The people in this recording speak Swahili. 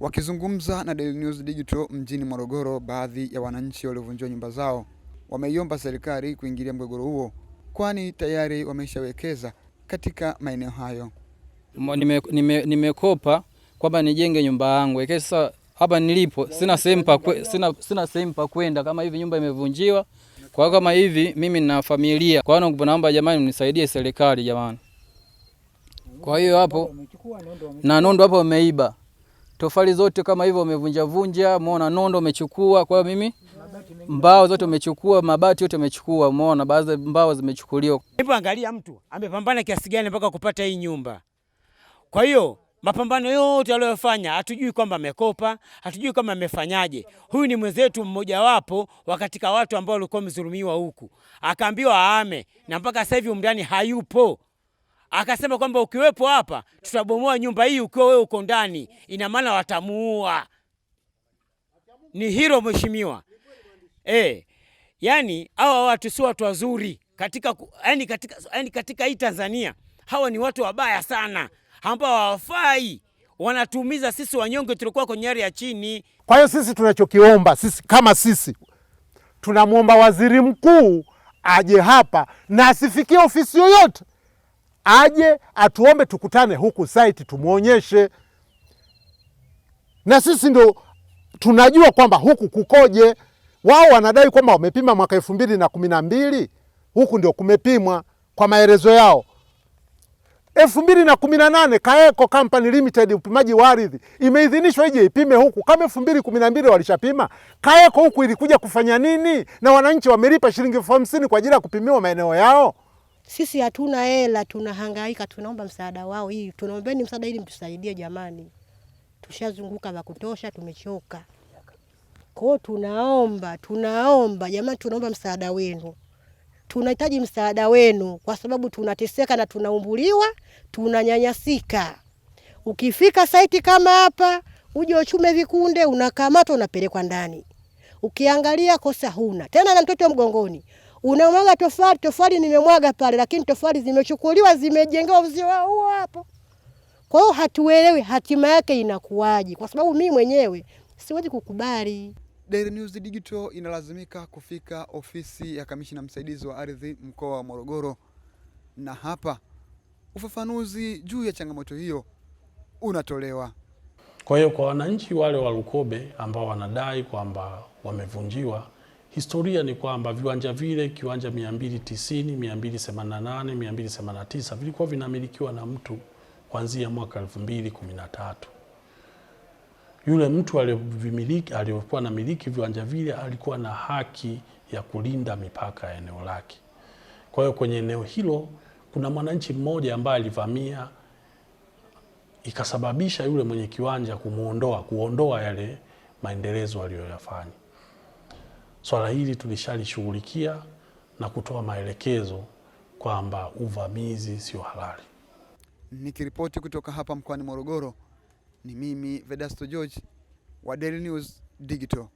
Wakizungumza na Daily News Digital mjini Morogoro, baadhi ya wananchi waliovunjiwa nyumba zao wameiomba serikali kuingilia mgogoro huo, kwani tayari wameshawekeza katika maeneo hayo. Nimekopa nime, nime kwamba nijenge nyumba yangu, sasa hapa nilipo sina sehemu pa sina, sina sehemu pa kwenda. Kama hivi nyumba imevunjiwa, kwa kama hivi mimi nina familia, kwa hiyo naomba jamani, mnisaidie serikali jamani. Kwa hiyo hapo na nondo hapo wameiba tofali zote kama hivyo vunja, umeona nondo umechukua. Kwa hiyo mimi mbao zote umechukua, mabati yote umechukua, umeona baadhi mbao zimechukuliwa. Hebu angalia mtu amepambana kiasi gani mpaka kupata hii nyumba. Kwa hiyo mapambano yote aliyofanya hatujui kwamba amekopa, hatujui kama amefanyaje. Huyu ni mwenzetu mmojawapo wa katika watu ambao walikuwa wamedhulumiwa huku, akaambiwa aame, na mpaka sasa hivi umndani hayupo akasema kwamba ukiwepo hapa tutabomoa nyumba hii ukiwa wewe uko ndani, ina maana watamuua. Ni hilo mheshimiwa. Eh, yani hawa watu si watu wazuri katika, yani katika, yani katika hii Tanzania hawa ni watu wabaya sana ambao hawafai, wanatumiza sisi wanyonge tulikuwa kwenye hali ya chini. Kwa hiyo sisi tunachokiomba sisi kama sisi tunamwomba waziri mkuu aje hapa na asifikie ofisi yoyote aje atuombe tukutane huku site tumwonyeshe, na sisi ndo tunajua kwamba huku kukoje. Wao wanadai kwamba wamepima mwaka elfu mbili na kumi na mbili huku ndio kumepimwa kwa maelezo yao. elfu mbili na kumi na nane Kaeko Company Limited upimaji wa ardhi imeidhinishwa ije ipime huku. Kama elfu mbili kumi na mbili walishapima Kaeko huku ilikuja kufanya nini? Na wananchi wamelipa shilingi elfu hamsini kwa ajili ya kupimiwa maeneo yao. Sisi hatuna hela, tunahangaika, tunaomba msaada wao. Hii tunaombeni msaada ili mtusaidie jamani, tushazunguka vya kutosha, tumechoka. Kwa hiyo tunaomba, tunaomba jamani, tunaomba msaada wenu, tunahitaji msaada wenu kwa sababu tunateseka na tunaumbuliwa, tunanyanyasika. Ukifika saiti kama hapa, uje uchume vikunde, unakamatwa, unapelekwa ndani. Ukiangalia kosa huna tena, na mtoto mgongoni unamwaga tofali, tofali nimemwaga pale, lakini tofali zimechukuliwa zimejengewa uzio wao huo hapo. Kwa hiyo hatuelewi hatima yake inakuwaje, kwa sababu mimi mwenyewe siwezi kukubali. Daily News Digital inalazimika kufika ofisi ya kamishina msaidizi wa ardhi mkoa wa Morogoro, na hapa ufafanuzi juu ya changamoto hiyo unatolewa. Kwa hiyo kwa wananchi wale wa Lukobe ambao wanadai kwamba wamevunjiwa Historia ni kwamba viwanja vile, kiwanja 290, 288, 289 vilikuwa vinamilikiwa na mtu kuanzia mwaka 2013. Yule mtu aliyovimiliki, aliyokuwa miliki viwanja vile alikuwa na haki ya kulinda mipaka ya eneo lake. Kwa hiyo kwenye eneo hilo kuna mwananchi mmoja ambaye alivamia ikasababisha yule mwenye kiwanja kumuondoa, kuondoa yale maendelezo aliyoyafanya. Swala hili tulishalishughulikia na kutoa maelekezo kwamba uvamizi sio halali. Nikiripoti kutoka hapa mkoani Morogoro, ni mimi Vedasto George wa Daily News Digital.